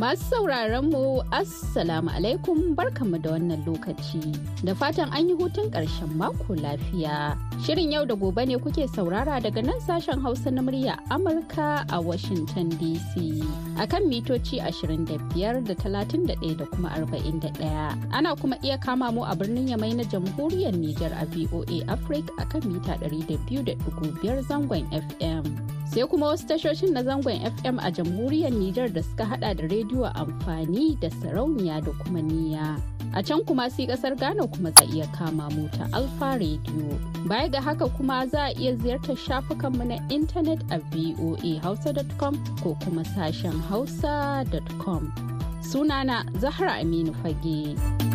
Masu sauraron mu Assalamu alaikum barkanmu da wannan lokaci. Da fatan an yi hutun ƙarshen mako lafiya. Shirin yau da gobe ne kuke saurara daga nan sashen Hausa na murya Amurka a Washington DC. A kan mitoci 25 da 31 da kuma 41. Ana kuma iya kama mu a birnin Yamai na Jamhuriyar Nijar a VOA Africa a kan mita 200.5 zangon FM. sai kuma wasu tashoshin na zangon fm a jamhuriyar nijar da suka hada da rediyo amfani da sarauniya da kuma niya a can kuma sai kasar ghana kuma za iya kama mu ta alfa radio baya ga haka kuma za a iya ziyartar shafukanmu na intanet a voahausa.com ko kuma sashen hausa.com sunana zahra aminu fage.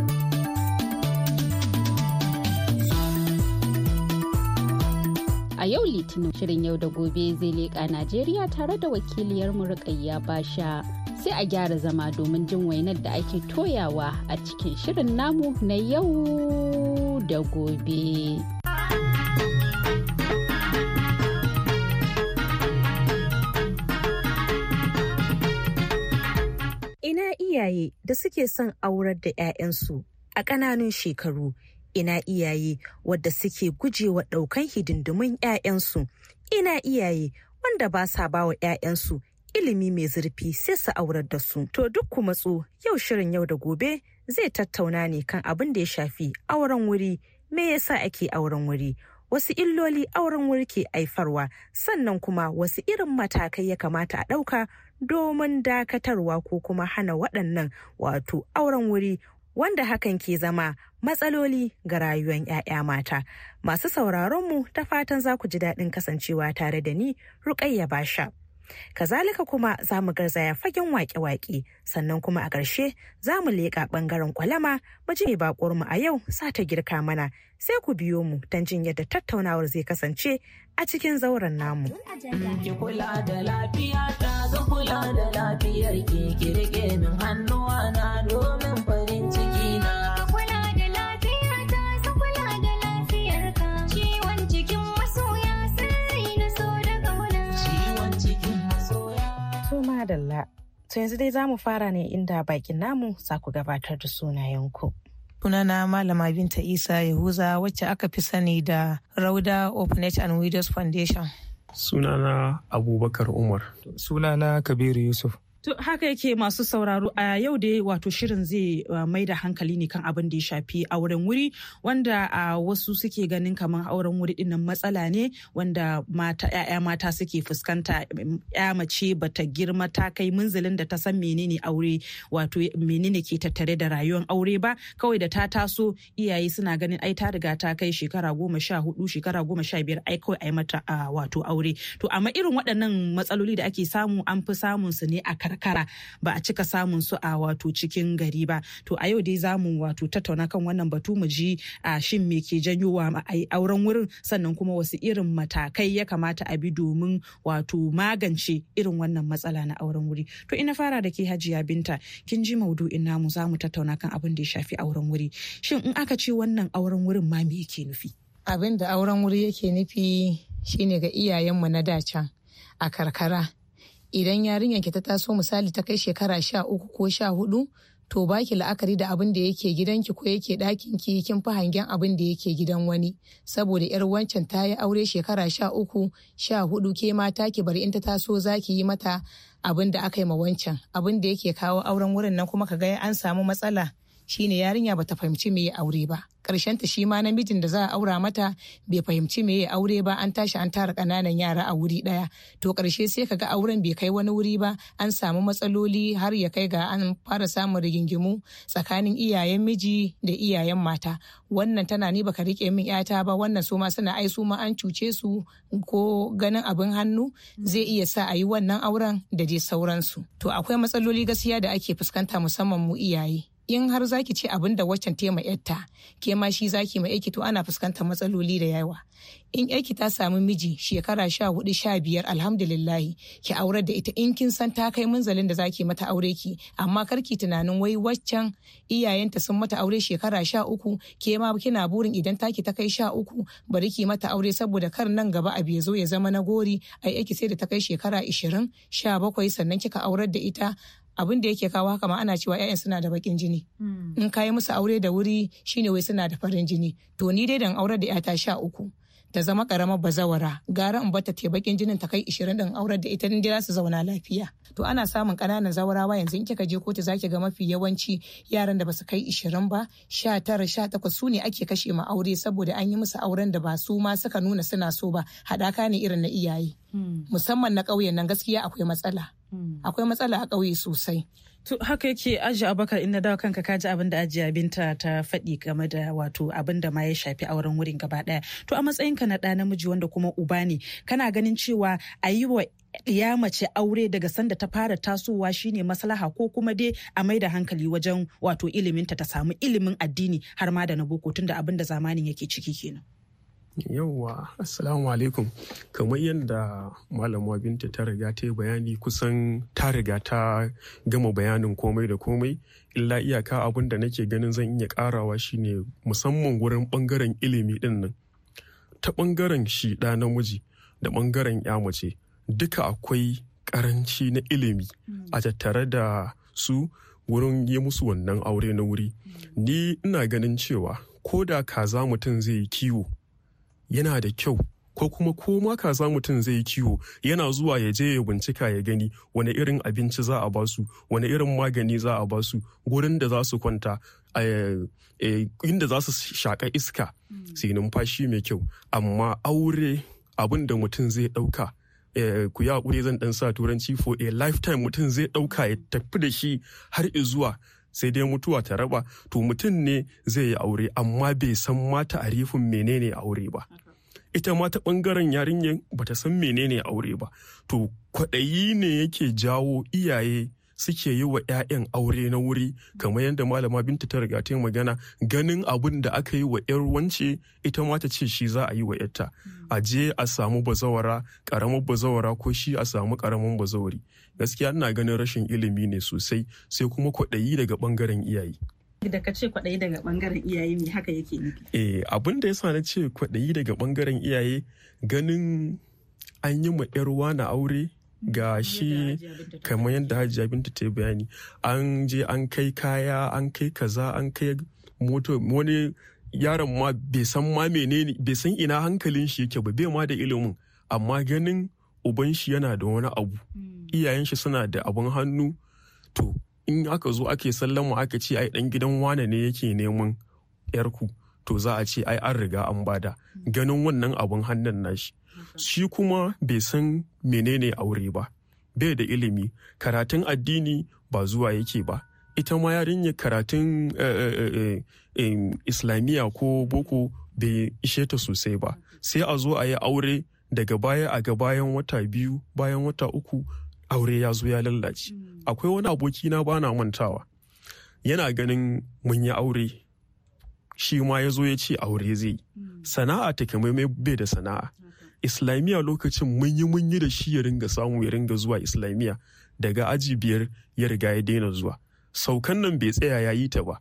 a yau litinin shirin yau da gobe zai leƙa Najeriya tare da wakiliyar murƙayya Basha. Sai a gyara zama domin jin wainar da ake toyawa a cikin shirin namu na yau da gobe. Ina iyaye da suke son aurar da 'ya'yansu a ƙananun shekaru ina iyaye wadda suke gujewa ɗaukan hidindimun 'ya'yansu ina iyaye wanda ba sa ba wa 'ya'yansu ilimi mai zurfi sai su aurar da su to duk ku matso yau shirin yau da gobe zai tattauna ne kan abin da ya shafi auren wuri me yasa ake auren wuri wasu illoli auren wuri ke aifarwa sannan kuma wasu irin matakai ya kamata a ɗauka domin dakatarwa ko kuma hana waɗannan wato auren wuri wanda hakan ke zama matsaloli ga rayuwar 'ya'ya mata. Masu sauraronmu ta fatan za ku ji daɗin kasancewa tare da ni Rukayya Basha. Kazalika kuma za mu garzaya fagen waƙe-waƙe sannan kuma a ƙarshe za mu leƙa ɓangaren kwalama mu je mu a yau sa ta girka mana sai ku biyo mu don jin yadda tattaunawar zai kasance a cikin zauren namu. Ki kula da lafiya ta madalla. To yanzu dai za mu fara ne inda bakin namu za ku gabatar da sunayenku. sunana malama binta isa yahuza wacce aka fi sani da rauda openage and widows foundation sunana abubakar umar sunana kabiru yusuf To haka yake masu sauraro a yau dai wato shirin zai uh, mai da hankali ne kan abin da ya shafi auren wuri wanda a wasu suke ganin kamar auren wuri dinnan matsala ne wanda mata ya'ya mata suke fuskanta ya mace bata girma ta kai munzalin da ta san menene aure wato menene ke tattare da rayuwar aure ba kawai da ta taso iyaye suna ganin ai ta riga ta kai shekara goma sha hudu shekara goma sha biyar ai kawai ai mata wato aure to amma irin waɗannan matsaloli da ake samu an fi samun su ne a karkara ba a cika samun su a wato cikin gari ba to a yau dai zamu wato tattauna kan wannan batu mu ji a shin me ke janyo wa auren wurin sannan kuma wasu irin matakai ya kamata a bi domin wato magance irin wannan matsala na auren wuri to ina fara da ke hajiya binta kin ji maudu'in namu zamu tattauna kan abin da ya shafi auren wuri shin in aka ce wannan auren wurin ma me yake nufi abin da auren wuri yake nufi shine ga iyayenmu na dacan a karkara idan yarinyar ki ta taso misali ta kai shekara sha uku ko sha hudu to baki la'akari da abin da yake gidanki ko yake ɗakin ki kin fi hangen abin da yake gidan wani saboda yar wancan ta yi aure shekara sha uku sha hudu ke mata ki bari in ta taso za ki yi mata abin da aka yi ma wancan abin da yake kawo auren wurin nan kuma ka ga an samu matsala shine yarinya bata fahimci me aure ba Karshen ta shi ma namijin da za a aura mata bai fahimci me aure ba an tashi an tara kananan yara a wuri daya to karshe sai kaga auren bai kai wani wuri ba an samu matsaloli har ya kai ga an fara samun rigingimu tsakanin iyayen miji da iyayen mata wannan tana ni baka rike min yata ba wannan su ma suna ai su ma an cuce su ko ganin abin hannu zai iya sa a yi wannan auren da dai sauransu to akwai matsaloli gaskiya da ake fuskanta musamman mu iyaye in har zaki ce abin da waccan tema yarta ke ma shi zaki ma aiki to ana fuskantar matsaloli da yawa in yaki ta samu miji shekara sha hudu sha biyar alhamdulillahi ki aure da ita in kin san ta kai munzalin da zaki mata aure ki amma kar ki tunanin wai waccan iyayenta sun mata aure shekara sha uku ke ma kina burin idan taki ta kai sha uku bari ki mata aure saboda kar nan gaba a ya zo ya zama na gori a yaki sai da ta kai shekara ishirin sha bakwai sannan kika aurar da ita abin da yake kawo haka ma ana cewa 'ya'yan suna da bakin jini hmm. in kayi musu aure da wuri shine wai suna da farin jini to ni dai dan aure da 'yata sha uku ta zama karamar bazawara gara in bata ta bakin jinin ta kai ishirin dan aure da ita inda su zauna lafiya to ana samun kananan zawarawa yanzu in kika je kotu zaki ga mafi yawanci yaran da basu kai ishirin ba sha tara sha takwas su ne ake kashe ma aure saboda an yi musu auren da ba su ma suka nuna suna so ba haɗaka ne irin na iyaye hmm. musamman na ƙauyen nan gaskiya akwai matsala Hmm. akwai matsala a ƙauye sosai To haka yake aji abakar in dawa kanka kaji abin da ajiya binta ta faɗi game da wato abin da ma ya shafi auren wurin gaba ɗaya. To a matsayinka na ɗa namiji wanda kuma uba ne kana ganin cewa a yi wa ya mace aure daga sanda ta fara tasowa shine maslaha ko kuma dai a mai da hankali wajen wato iliminta ta samu ilimin addini har ma da na boko tunda abin da zamanin yake ciki kenan. yauwa assalamu alaikum kamar yadda malama binta ta riga ta yi bayani kusan ta riga ta gama bayanin komai da komai illa iyaka abin da nake ganin zan iya karawa shine musamman wurin bangaren ilimi din nan ta bangaren shi da namiji da bangaren ya mace duka akwai karanci na ilimi a tattare da su wurin yi musu wannan aure na wuri ni ina ganin cewa ko da kaza mutum zai yi kiwo yana da kyau ko kuma ko kaza mutum zai kiwo yana zuwa ya je ya bincika ya gani wani irin abinci za a basu wani irin magani za a basu gurin da za su kwanta eh, inda za su shaƙa iska mm. su numfashi mai kyau amma aure abin da mutum zai ɗauka eh, ku yi kure zan ɗan sa turanci for a lifetime mutum zai ɗauka ya tafi da shi har zuwa sai dai mutuwa ta raba to mutum ne zai yi aure amma bai san mata a rifin menene aure ba ita ma ta bangaren yarinyar bata san menene aure ba to kwaɗayi ne yake jawo iyaye suke yi wa 'ya'yan aure na wuri kamar yadda malama binta ta riga ta yi magana ganin abin da aka yi wa 'yar wance ita ma ta ce shi za a yi wa 'yarta mm. a je a samu bazawara karamin bazawara ko shi a samu karamin bazawari gaskiya ina ganin rashin ilimi ne sosai sai kuma kwaɗayi daga bangaren iyaye da ka ce kwaɗayi daga ɓangaren iyaye ne haka yake nufi? Eh abin da sa na ce kwaɗayi daga ɓangaren iyaye ganin an yi ma 'yar wa na aure ga shi kamar yadda hajiya binta ta bayani an je an kai kaya an kai kaza an kai moto wani yaron ma bai san ma menene bai san ina hankalin shi yake ba bai ma da ilimin amma ganin uban shi yana da wani abu hmm. iyayen shi suna da abun hannu to in aka zo ake sallama aka ce ai dan gidan wane ne yake neman yarku to za a ce ai an riga an bada hmm. ganin wannan abun hannun nashi shi kuma bai san menene aure ba bai da ilimi karatun addini ba zuwa yake ba ita ma yarinya karatun eh, eh, eh, islamiyya ko boko bai ishe ta sosai ba sai a zo a yi aure daga baya a ga bayan wata biyu bayan wata uku aure ya zo ya lallace hmm. akwai wani aboki na bana mantawa yana ganin mun yi aure shi ma ya zo ya ce aure zai hmm. sana'a mai bai da sana'a islamiyya lokacin mun yi mun yi da shi ya ringa samu ya ringa zuwa islamiyya daga aji biyar ya riga ya daina zuwa saukan nan bai tsaya ya yi ta ba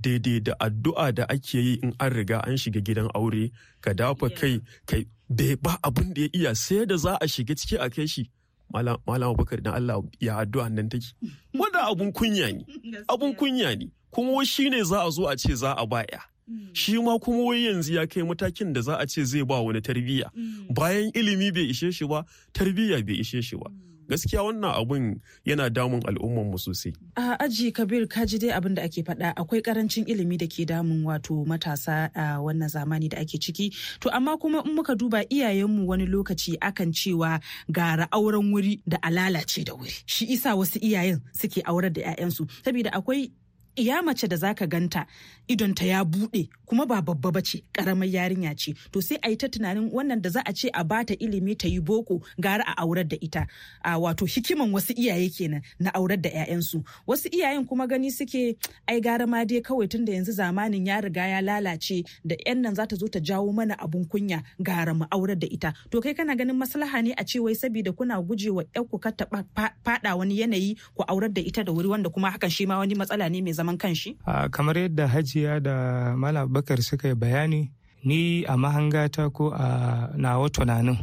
daidai da addu'a da ake yi in an riga an shiga gidan aure ka dafa kai kai bai ba abin da ya iya sai da za a shiga ciki a kai shi malam abubakar dan allah ya addu'a nan take wanda abun kunya ne abun kunya ne kuma shi ne za a zo a ce za a baya Mm. shi ma kuma wai yanzu ya kai matakin da za a ce zai ba wani tarbiyya mm. bayan ilimi bai ishe shi ba tarbiyya bai ishe shi ba mm. gaskiya wannan abun yana damun al'umman mu sosai. A aji Kabir kaji dai abin da ake faɗa akwai karancin ilimi da ke damun wato matasa a wannan zamani da ake ciki. To amma kuma in muka duba iyayenmu wani lokaci akan cewa gara auren wuri da alalace da wuri. Shi isa wasu iyayen suke aurar da 'ya'yansu saboda akwai iya mace da zaka ganta idon ta ya bude kuma ba babba ba ce karamar yarinya ce to sai a yi ta tunanin wannan da za a ce a bata ilimi ta yi boko gara a aurar da ita a wato hikiman wasu iyaye kenan na aurar da 'ya'yansu wasu iyayen kuma gani suke ai gara ma dai kawai tunda yanzu zamanin ya riga ya lalace da 'yan nan za ta zo ta jawo mana abun kunya gara mu aurar da ita to kai kana ganin maslaha ne a ce wai saboda kuna gujewa 'yan ku ka taɓa faɗa wani yanayi ku aurar da ita da wuri wanda kuma hakan shi ma wani matsala ne mai zama zaman kanshi? Kamar yadda Hajiya da Malam Bakar suka yi bayani, ni a mahangata ko a nawa tunanin.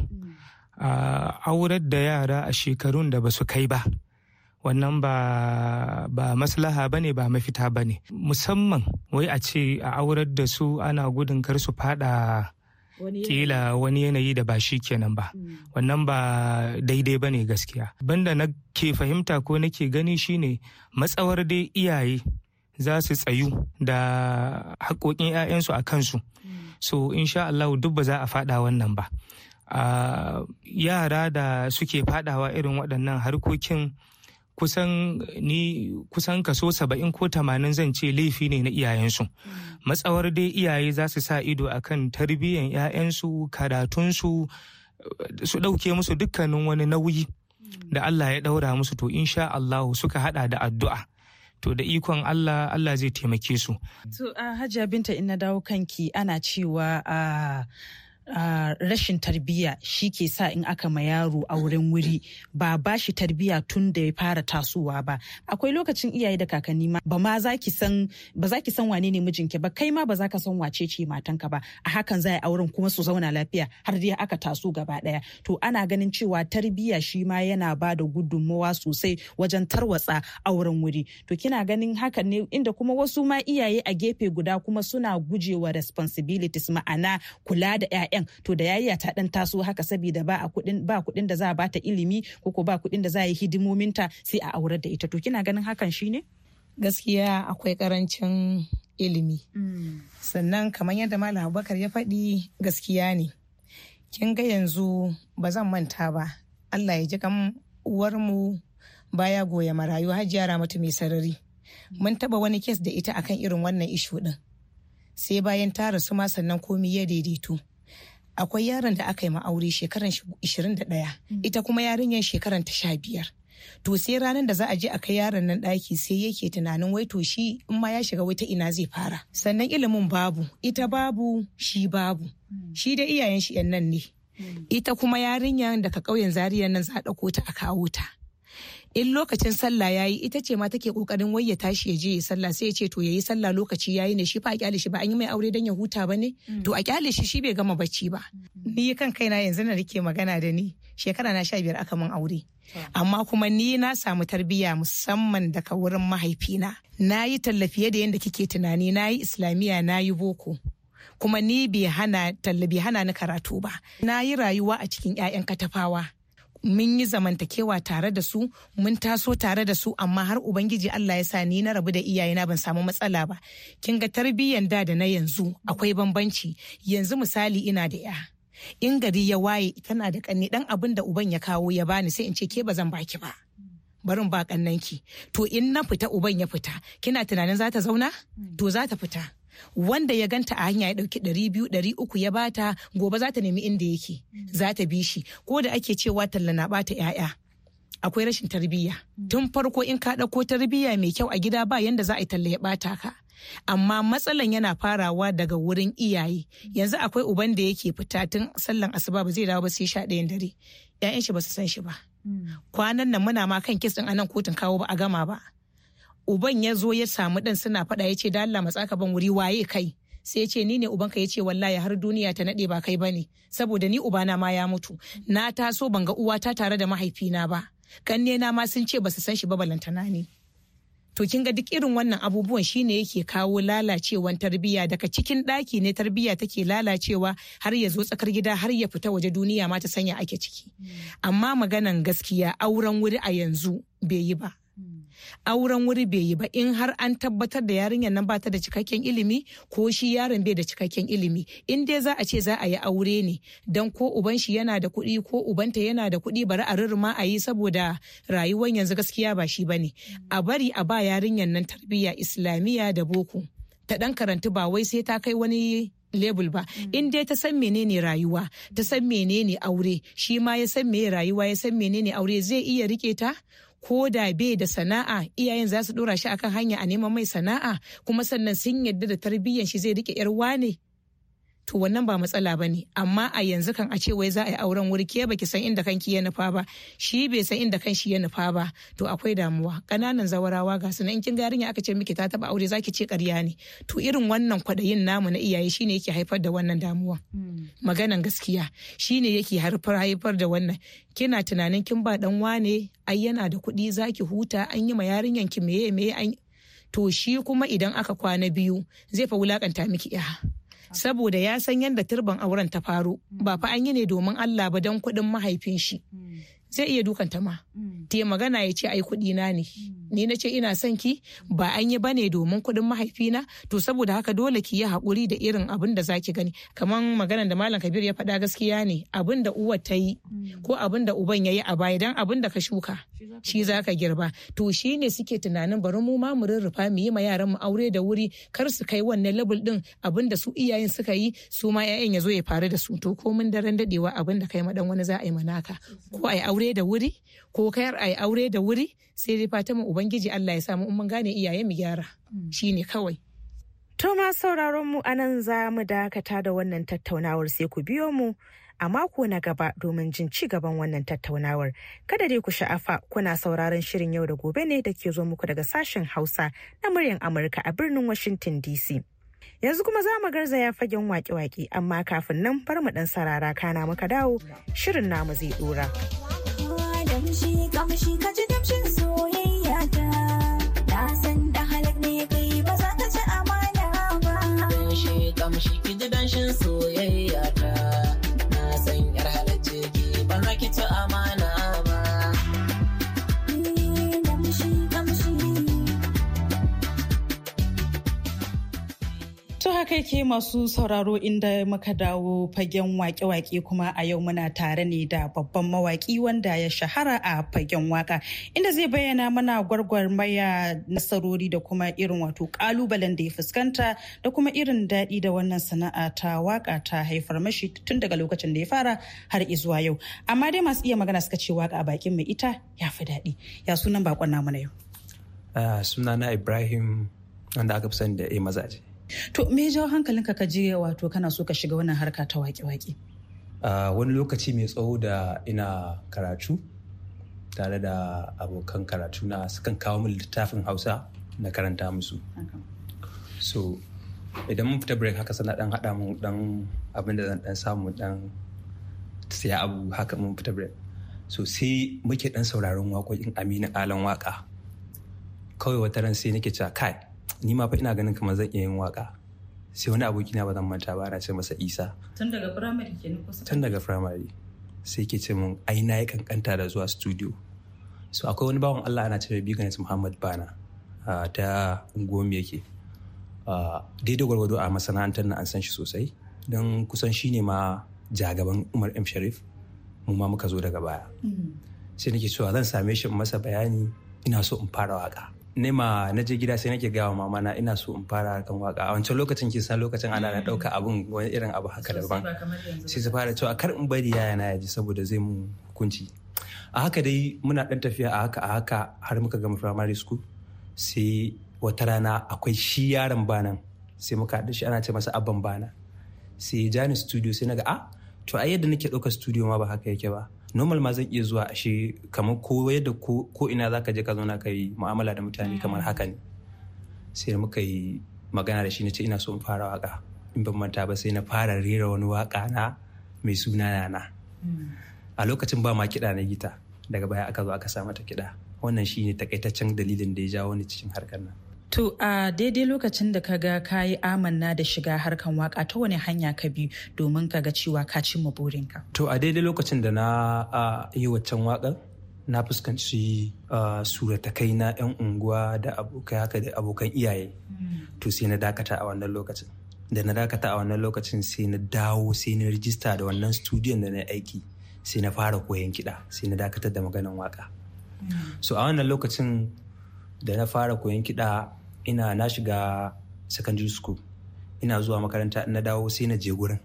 A Aurar da yara a shekarun da ba su kai ba. wannan ba maslaha ba ne ba mafita ba ne. musamman wai a ce a aurar da su ana gudun kar su fada kila wani yanayi da ba shi kenan ba hmm. wannan ba daidai ba ne gaskiya banda na ke fahimta ko nake gani shine matsawar dai iyaye za su tsayu da haƙoƙin 'ya'yansu a kansu so insha Allah duk ba za a faɗa wannan ba yara da suke fadawa irin waɗannan harkokin kusan ni kusan kaso saba'in ko tamanin zan ce laifi ne na iyayensu matsawar dai iyaye za su sa ido a kan tarbiyyar 'ya'yansu karatunsu su ɗauke musu dukkanin wani nauyi da Allah ya ɗaura musu to insha Allah suka hada da addu'a to da ikon Allah Allah zai taimake su. To Hajiya Binta in na dawo kanki ana cewa a ah, Uh, rashin tarbiyya shi ke sa in aka ma yaro a wurin wuri ba ba shi tarbiyya tun da ya fara tasowa ba akwai lokacin iyaye da kakanni ma ba ma za ki san ba za ki san wane ne mijinki ba kai ma ba za ka san wace ce matanka ba a hakan za a auren kuma su zauna lafiya har dai aka taso gaba daya to ana ganin cewa tarbiyya shi ma yana ba da gudunmawa sosai wajen tarwatsa auren wuri to kina ganin hakan ne inda kuma wasu ma iyaye a gefe guda kuma suna gujewa responsibilities ma'ana kula da 'ya'ya 'ya'yan to da yayya ta dan taso haka saboda ba a kuɗin ba kuɗin da za a bata ilimi ko ko ba kuɗin da za a yi hidimominta sai a aurar da ita to kina ganin hakan shine gaskiya akwai karancin ilimi mm. sannan kamar yadda malam abubakar ya faɗi gaskiya ne kin ga yanzu ba zan manta ba allah ya ji kan uwarmu baya goya marayu hajiya ramatu mai sarari mun taba wani kes da ita akan irin wannan ishu din sai bayan ta rasu ma sannan komi ya daidaito akwai yaron da aka yi ma'aure shekaran 21 mm. ita kuma yarinyar shekaran ta 15 to sai ranar da za a je a kai yaron nan ɗaki sai yake tunanin wai to shi in ma ya shiga wata ina zai fara sannan ilimin babu ita babu shi babu mm. shi da iyayen shi yan nan ne mm. ita kuma yarinyar daga ƙauyen zariyar nan za a ɗauko ta a kawo ta in lokacin sallah yayi ita ce ma take kokarin wai ya tashi ya je ya sallah sai ya ce to yayi sallah lokaci yayi ne shi fa a kyale shi ba an yi mai aure dan ya huta ba ne mm. to a kyale shi shi bai gama bacci ba mm. ni kan kaina yanzu na rike magana da ni shekara na sha biyar aka min aure amma kuma ni na samu tarbiyya musamman daga wurin mahaifina na yi tallafiye da yadda kike tunani na yi islamiyya na yi boko kuma ni bai hana tallabi hana ni karatu ba na yi rayuwa a cikin 'ya'yan katafawa mun yi zamantakewa tare da su mun taso tare da su amma har ubangiji Allah ya sa ni na rabu da iyayena ban samu matsala ba kin ga tarbiyyan da da na yanzu akwai bambanci yanzu misali ina da ya in gari ya waye tana da kanni dan abin da uban ya kawo ya bani sai in ce ke bazan baki ba barin ba kannanki to in na fita uban ya fita kina tunanin za ta zauna hmm. to za ta fita wanda ya ganta a hanya ya dauki ɗari biyu ɗari uku ya bata gobe za ta nemi inda yake za ta bi shi ko da ake cewa talla na bata 'ya'ya akwai rashin tarbiyya tun farko in ka ɗauko tarbiyya mai kyau a gida ba yanda za a yi talla ya bata ka amma matsalan yana farawa daga wurin iyaye yanzu akwai uban da yake fita tun sallan asuba ba zai dawo ba sai sha ɗayan dare 'ya'yan shi ba su san shi ba hmm. kwanan nan muna ma kan kes ɗin anan kotun kawo ba a gama ba uban ya zo ya samu dan suna faɗa ya ce da Allah matsaka ban wuri waye kai sai ya ce ni ne ubanka ya ce wallahi har duniya ta naɗe ba kai bane saboda ni ubana ma ya mutu na taso ban ga uwata tare da mahaifina ba kanne na ma sun ce basu san shi ba balantana ne to kin ga duk irin wannan abubuwan shine yake kawo lalacewan tarbiyya daga cikin ɗaki ne tarbiyya take lalacewa har ya zo tsakar gida har ya fita waje duniya ma ta sanya ake ciki amma maganan gaskiya auren wuri a yanzu bai yi ba auren wuri bai yi ba in har an tabbatar da yarinyar nan bata da cikakken ilimi ko shi yaron bai da cikakken ilimi in dai za a ce za a yi aure ne don ko uban shi yana da kuɗi ko ubanta yana da kuɗi bari a rurruma a yi saboda rayuwar yanzu gaskiya ba shi bane a bari a ba yarinyar nan tarbiyya islamiyya da boko ta dan karantu ba wai sai ta kai wani lebul ba mm. in dai ta san menene rayuwa ta san menene aure shi ma ya san me rayuwa ya san menene aure zai iya rike ta ko da bai da sana'a iyayen za su dora shi akan hanya a neman mai sana'a kuma sannan sun yarda da tarbiyyar shi zai rike yar wane to wannan ba matsala ba ne amma a yanzu kan a ce wai za a yi auren wuri ke baki san inda kanki ya nufa ba shi bai san inda kanshi ya nufa ba to akwai damuwa ƙananan zawarawa ga su in kin ga yarinya aka ce miki ta taba aure zaki ce ƙarya ne to irin wannan kwadayin namu na iyaye shine yake haifar da wannan damuwa hmm. maganan gaskiya shine yake haifar haifar da wannan kina tunanin kin ba dan wane ai yana da kuɗi zaki huta an yi ma yarinyan ki meye meye an to shi kuma idan aka kwana biyu zai fa wulakanta miki ya saboda ya san yadda turban auren ta faru ba fa an yi ne domin Allah ba don kuɗin mahaifin shi hmm. zai iya dukanta ma mm. te magana ya ce ai kuɗi na ne mm. ni na ce ina son ki ba an yi bane domin kuɗin mahaifina to saboda haka dole ki yi haƙuri da irin abin da za ki gani kamar maganar da malam kabir ya faɗa gaskiya ne abin da uwa ta yi mm. ko abin da uban ya yi a baya Don abin da ka shuka shi za ka girba to shi ne suke tunanin bari mu ma mu rurrufa mu yi ma yaran mu aure da wuri kar su kai wannan level ɗin. abin da su iyayen suka yi su ma 'ya'yan ya zo ya faru da su to komin daren dadewa abin da kai ma dan wani za a yi manaka ko a yi aure aure da wuri ko kayar a aure da wuri sai dai fata mu ubangiji Allah ya samu mun gane iyaye mu gyara mm. shine kawai to ma sauraron mu anan za mu dakata da wannan tattaunawar sai ku biyo mu a mako na gaba domin jin ci gaban wannan tattaunawar. Kada dai ku sha'afa kuna sauraron shirin yau da gobe ne da ke zo muku daga sashen Hausa na muryar Amurka a birnin Washington DC. Yanzu kuma za mu garzaya fagen waƙe-waƙe amma kafin nan bar mu dan sarara kana muka dawo shirin namu zai ɗora Damshi kamshi ka ji damshin soyayya ta na san da halak ne kai ba za ka ci amana ba. Damshi kamshi ki ji damshin soyayya kai ke masu sauraro inda muka dawo fagen wake-wake kuma a yau muna tare ne da babban mawaki wanda ya shahara a fagen waka inda zai bayyana mana gwargwarmaya nasarori da kuma irin wato kalubalen da ya fuskanta da kuma irin daɗi da wannan sana'a ta waka ta haifar mashi tun daga lokacin da ya fara har izuwa yau amma dai masu iya magana suka ce waka a bakin mai ita ya fi daɗi ya sunan bakon namu na yau ah, sunana ibrahim wanda aka fi sani da a mazaje To me jawo hankalinka ka je wato kana so ka shiga wannan harka ta waƙe-waƙe? wani lokaci mai tsawo da ina karatu tare da abokan karatu na sukan kawo min littafin hausa na karanta musu. So idan mun fita break haka sana dan haɗa mun dan abin da zan dan samu dan siya abu haka mun fita break. So sai muke dan sauraron waƙoƙin Aminu Alan waka. Kawai wata ran sai nake cewa kai ni ma fa ina ganin kamar zan iya yin waka sai wani aboki na ba zan manta ba ana ce masa isa tun daga firamare ke kusa tun daga firamare sai ke ce mun ai na yi kankanta da zuwa studio so akwai wani bawan allah ana ce mai biganis muhammad bana ta unguwarmu yake daidai gwargwado a masana'antar na an san shi sosai don kusan shine ma jagaban umar m sharif mu ma muka zo daga baya mm-hmm. sai nake cewa zan same shi masa bayani ina so in fara waka nema na je gida sai nake wa mama na ina so in fara kan waka a wancan lokacin kin san lokacin ana na dauka mm. abun wani irin abu haka daban sai su fara cewa kar in bari yaya na yaji saboda zai mu hukunci a haka dai muna dan tafiya a haka a haka har muka gama primary school sai wata rana akwai shi yaron banan sai muka haɗu shi ana ce masa abban bana sai ya ja ni studio sai naga a ah, to a yadda nake ɗauka studio ma ba haka yake ba normal ma zan iya zuwa ashe kamar ko yadda ko ina zaka je ka zauna ka yi mu'amala da mutane kamar mm. haka ne sai muka yi magana da shi na ce ina so in fara waka in ban manta ba sai na fara rera wani waka na mai suna na mm. a lokacin ba ma kiɗa na gita daga baya aka zo aka sa mata kiɗa wannan shine takaitaccen dalilin da ya jawo ni cikin harkar nan To a daidai lokacin da ka ga ka yi amanna da shiga harkan waka ta wani hanya ka bi domin ka ga cewa ka cimma burinka? To a daidai lokacin da na yi waccan waƙar na fuskanci kai na 'yan unguwa da abokai haka da abokan iyaye. Mm. To sai na dakata a wannan lokacin. Da na dakata a wannan lokacin sai na dawo sai na rijista da wannan studiyon da na aiki sai na fara koyon kiɗa sai na dakatar da maganan waka. Mm. So a wannan lokacin da na fara koyon kiɗa ina na shiga secondary school ina zuwa makaranta na dawo sai na je gurin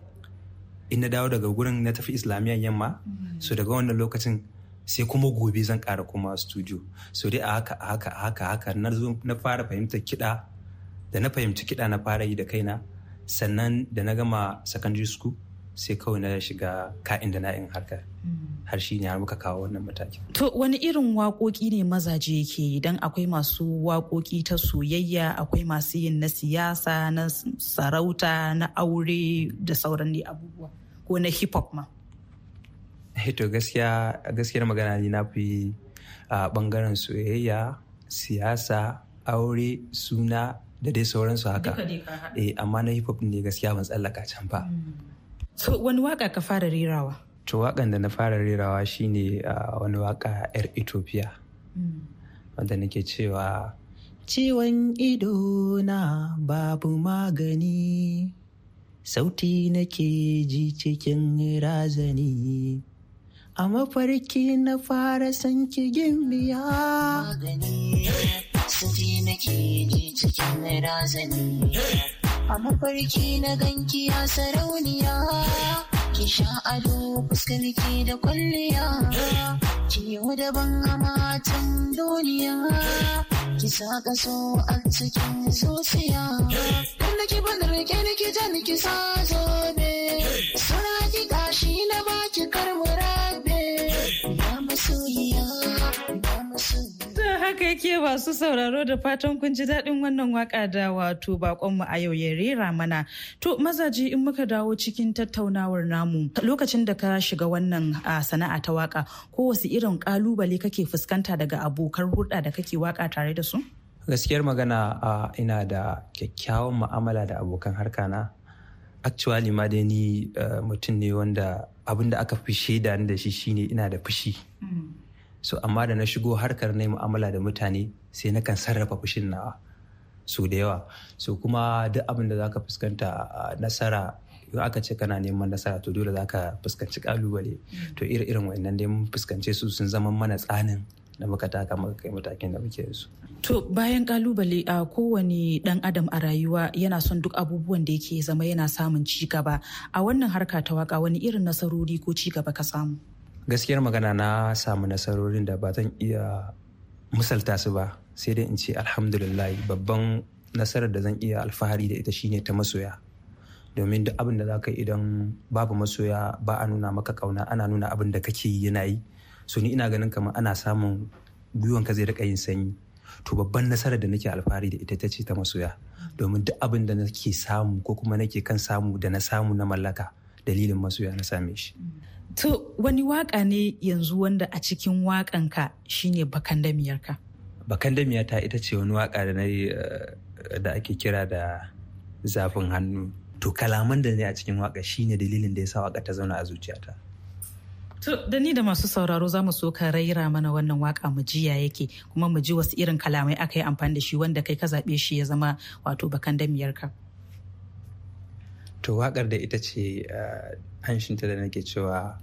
in na dawo daga gurin na tafi islamiyyar yamma mm-hmm. so daga wannan lokacin sai kuma gobe zan kara kuma studio so dai a haka a haka a haka haka na zo na fara fahimtar kiɗa da na fahimci kiɗa na fara yi da kaina sannan da na gama secondary school sai kawai na shiga ka'in da na'in harkar mm. har shi ne har muka kawo wannan matakin. To wani irin waƙoƙi ne mazaje yake yi don akwai masu waƙoƙi ta soyayya akwai masu yin na siyasa na sarauta na aure da sauran ne abubuwa ko na hip hop ma. Eh, to gaskiya gaskiyar magana ne na fi bangaren soyayya siyasa aure suna da dai sauransu haka eh, amma na hip hop ne gaskiya ban tsallaka can ba mm. So wani waka ka fara rerawa? To wakan da na fara rerawa shine uh, wani waka 'yar Ethiopia. Hmm. Wanda nake cewa Ciwon ido na babu magani, sauti nake ji cikin razani. A mafarki na fara san ki gimbiya Magani, sauti nake ji cikin razani. a mafarki na ganki ya sarauniya ki sha ado fuskar ki da kwalliya ki yau daban a matan duniya ki sa kaso a cikin zuciya kan da ki bandar ke ni ki jan ki sa zo muke masu sauraro da fatan kun ji daɗin wannan waka da wato bakonmu a yau ya rera mana. To mazaji in muka dawo cikin tattaunawar namu lokacin da ka shiga wannan sana'a ta waka ko wasu irin kalubale kake fuskanta daga abokan hulɗa da kake waka tare da su? Gaskiyar magana ina da kyakkyawan ma'amala da abokan harka na. Actually ma dai ni eh, mutum ne wanda abin da aka fi shaida da shi shine ina da fushi. Mm. so amma da na shigo harkar na mu'amala da mutane sai na kan sarrafa fushin nawa su da yawa so kuma duk abin da ka fuskanta nasara yau aka ce kana neman nasara to dole za ka fuskanci kalubale mm. to irin wa'annan dai mun fuskance su sun zama mana tsanin da muka taka muka kai matakin da muke su. To bayan kalubale a kowane dan adam a rayuwa yana son duk abubuwan da yake zama yana samun ci gaba a wannan harka ta waka wani irin nasarori ko ci gaba ka samu. gaskiyar magana na samu nasarorin da ba zan iya misalta su ba sai dai in ce alhamdulillah babban nasarar da zan iya alfahari da ita shine ta masoya domin duk abin da za ka idan babu masoya ba a nuna maka kauna ana nuna abin da kake yi yana yi so ni ina ganin kamar ana samun gwiwan ka zai rika yin sanyi to babban nasarar da nake alfahari da ita ta ce ta masoya domin duk abin da nake samu ko kuma nake kan samu da na samu na mallaka dalilin masoya na same shi To wani waka ne yanzu wanda a cikin wakanka shine bakandamiyarka? Bakandamiyata ita ce wani waka da eh, da ake kira da zafin hannu. To kalaman da ne a cikin waka shine dalilin da ya sa waka ta zauna a zuciyata. To da ni da masu sauraro za mu so ka raira mana wannan waka mu ji ya yake kuma mu ji wasu irin kalamai aka yi amfani da shi wanda kai ka zaɓe shi ya zama wato bakandamiyarka. To wakar da ita ce eh, hanshinta da nake cewa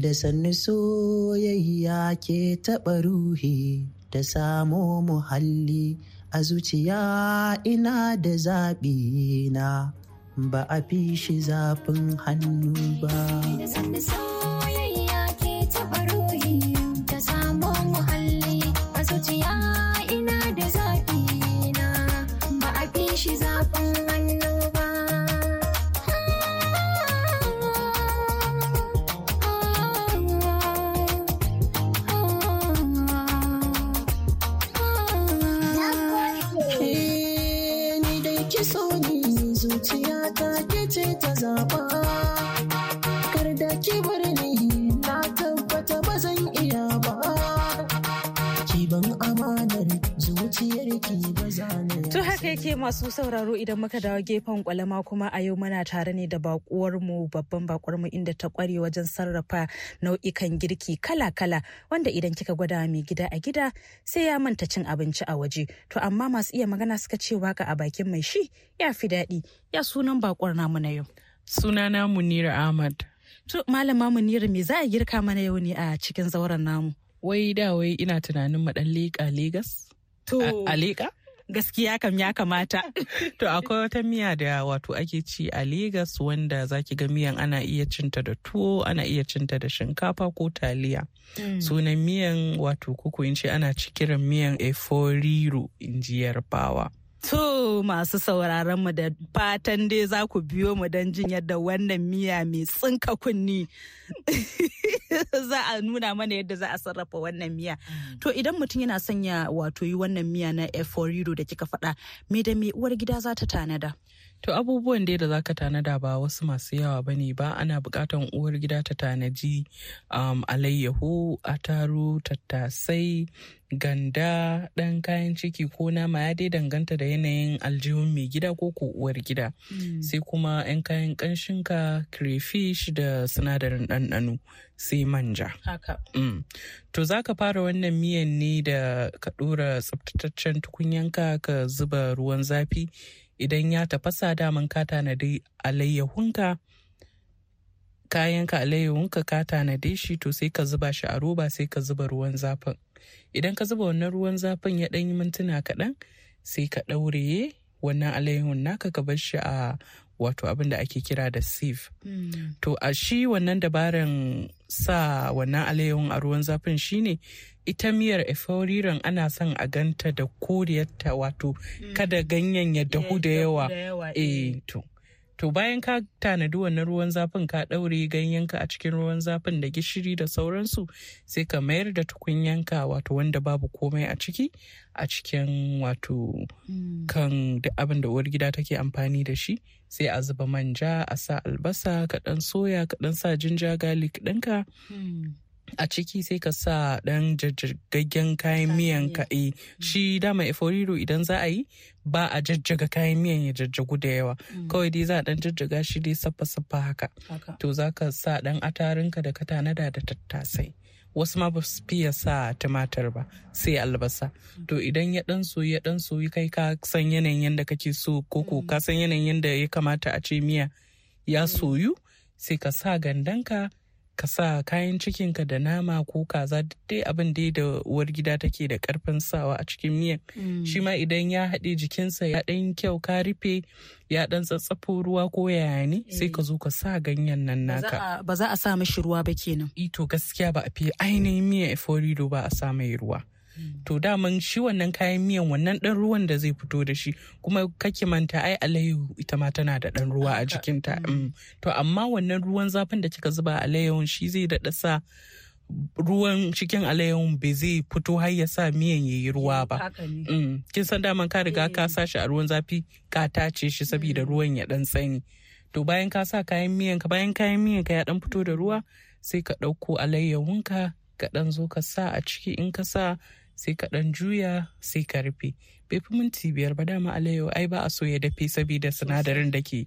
da sannu soyayya ke taɓa ruhi da samo muhalli a zuciya ina da zaɓi na ba a fi shi zafin hannu ba. masu sauraro idan muka dawo gefen kwalama kuma a yau muna tare ne da bakuwar mu babban bakuwar mu inda ta kware wajen sarrafa nau'ikan girki kala-kala wanda idan kika gwada mai gida a gida sai ya manta cin abinci a waje to amma masu iya magana suka ce waka a bakin mai shi ya fi daɗi ya sunan bakuwar namu na yau sunana munira ahmad to malama munira me za a girka mana yau ne a cikin zauren namu wai da wai ina tunanin madan leƙa legas to a gaskiya kam ya kamata to akwai wata miya da wato ake ci a Legas wanda zaki ga miyan ana iya cinta da tuwo ana iya cinta da shinkafa ko taliya mm. sunan miyan wato kuku in ce ana ci kiran miyan eforiro in ji yarbawa To masu sauraron mu da fatan dai za ku biyo mu don jin yadda wannan miya mai tsinka kunni za a nuna mana yadda za a sarrafa wannan miya. Mm. To idan mutum yana sanya wato yi wannan miya na eforido da kika faɗa, me da me uwar gida za ta tanada? To abubuwan dai da za ka tanada ba wasu masu yawa ba ne ba ana bukatan uwar gida ta tanaji um, alayyahu, ataru, tattasai, ganda, ɗan kayan ciki ko nama ya dai danganta da yanayin aljihun mai gida ko ko uwar gida. Mm. Sai kuma 'yan kayan ka crayfish da sinadarin ɗanɗano sai manja. Haka. Mm. To za ka fara wannan miyan ne da ka ɗora tsaftataccen tukunyanka ka zuba ruwan zafi. idan ya tafasa daman ka tanadi alayyahunka kayanka alayyahunka ka tanade shi to sai ka zuba shi a roba sai ka zuba ruwan zafin idan ka zuba wannan ruwan zafin ya ɗan mintuna kaɗan sai ka ɗaure wannan alayyahun naka ka bar shi a wato abin da ake kira da sif mm. to a shi wannan dabaran sa wannan alayyawan a ruwan zafin shi ne ita miyar eforiran ana son a ganta da koriyarta wato mm. kada ganyen ya dahu da yawa eh, eh. to to bayan ka tanadi wannan ruwan zafin ka ɗaure ganyenka a cikin ruwan zafin da gishiri da sauransu sai ka mayar da tukunyanka wato wanda babu komai a ciki a cikin wato mm. kan duk abin da uwar gida take amfani da shi sai a zuba manja a sa albasa ka ɗan soya ka ɗan sa jinja galik ɗinka mm. a ciki sai ka sa ɗan jajjagaggen kayan miyan ka e shi dama eforiro idan za a yi ba a jajjaga kayan miyan ya jajjagu da yawa mm. kawai dai za a ɗan jajjaga shi dai saffa saffa haka to za ka sa ɗan atarinka da ka tanada da tattasai wasu ma ba su fiye sa tumatir ba sai albasa mm. to idan ya dan soyi ya dan soyi kai ka san yanayin yadda kake so koko ka san yanayin yadda ya kamata a ce miya ya soyu sai ka sa gandanka ka sa kayan cikinka da nama ko kaza dai abin dai da uwar gida take da karfin sawa a cikin miyan mm. shi ma idan ya haɗe jikinsa ya ɗan kyau ka rufe ya ɗan tsatsafo ruwa ko yaya ne sai eh. ka zo ka sa ganyen nan naka ba za a sa mishi ruwa ba kenan ito gaskiya ba a fi ainihin miyan eforido ba a sa mai ruwa Mm. to daman shi wannan kayan miyan wannan ɗan ruwan da zai fito da shi kuma kake manta ai alayyahu ita ma tana da ɗan ruwa a jikinta mm. Mm. to amma wannan ruwan zafin da kika zuba alayyahun shi zai daɗa sa ruwan cikin alayyahun bai zai fito har ya sa miyan yayi ruwa ba kin san daman ka riga ka eh. sa shi a ruwan zafi ka tace shi saboda ruwan ya ɗan tsani to bayan ka sa kayan miyan ka bayan kayan miyan ka ya ɗan fito da ruwa sai ka ɗauko alayyahunka ka ɗan zo ka sa a ciki in ka sa sai ka ɗan juya sai ka rufe bai fi minti biyar ba dama alayyau ai ba a so ya dafe saboda sinadarin da ke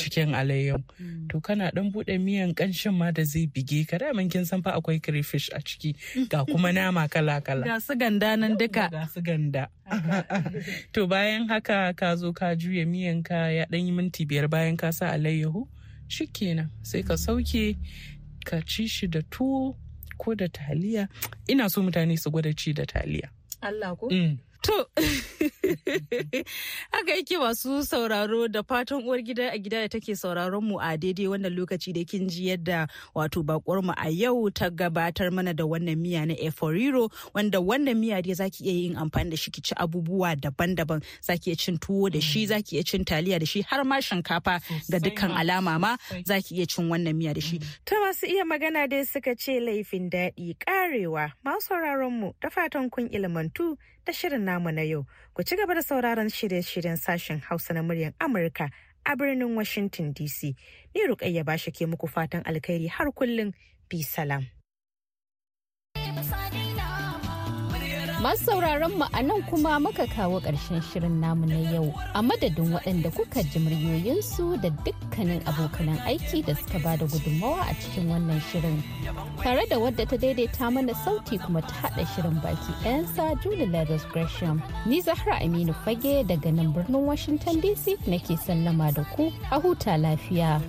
cikin alayyau mm. to kana ɗan buɗe miyan ƙanshin ma da zai bige ka daman kin san fa akwai crayfish a ciki ga kuma nama kala kala ga su ganda nan duka ga su ganda to bayan haka ka zo ka juya miyan ka ya ɗan yi minti biyar bayan ka sa alayyahu shikenan sai ka sauke ka ci shi da tuwo ko da taliya ina so mutane su gwada ci da taliya Allah ko mm. To, haka yake masu sauraro da fatan uwar gida a gida da take sauraron mu a daidai wannan lokaci da kin ji yadda wato bakwar mu a yau ta gabatar mana da wannan miya na eforiro wanda wannan miya dai zaki iya yin amfani da shi ki ci abubuwa daban-daban zaki iya cin tuwo da shi mm. zaki iya cin taliya da shi har ma shinkafa ga dukkan alama ma zaki iya cin wannan miya da shi. Mm. Ta masu iya magana dai suka ce laifin daɗi karewa masu sauraron mu da fatan kun ilmantu da shirin namu na yau. Ku ci gaba da sauraron shirye-shiryen sashen Hausa na muryar Amurka a birnin Washington DC. Ni Rukayya shi ke muku fatan alkhairi har kullum. Bi salam. Masu sauraron mu a kuma muka kawo ƙarshen shirin namu na yau a madadin waɗanda kuka ji muryoyinsu da dukkanin abokanan aiki da suka ba da gudunmawa a cikin wannan shirin. Tare da wadda ta daidaita mana sauti kuma ta haɗa shirin baki ɗayansa Julie Ladders Gresham. Ni Zahra Aminu Fage daga nan birnin Washington DC nake sallama da ku a huta lafiya.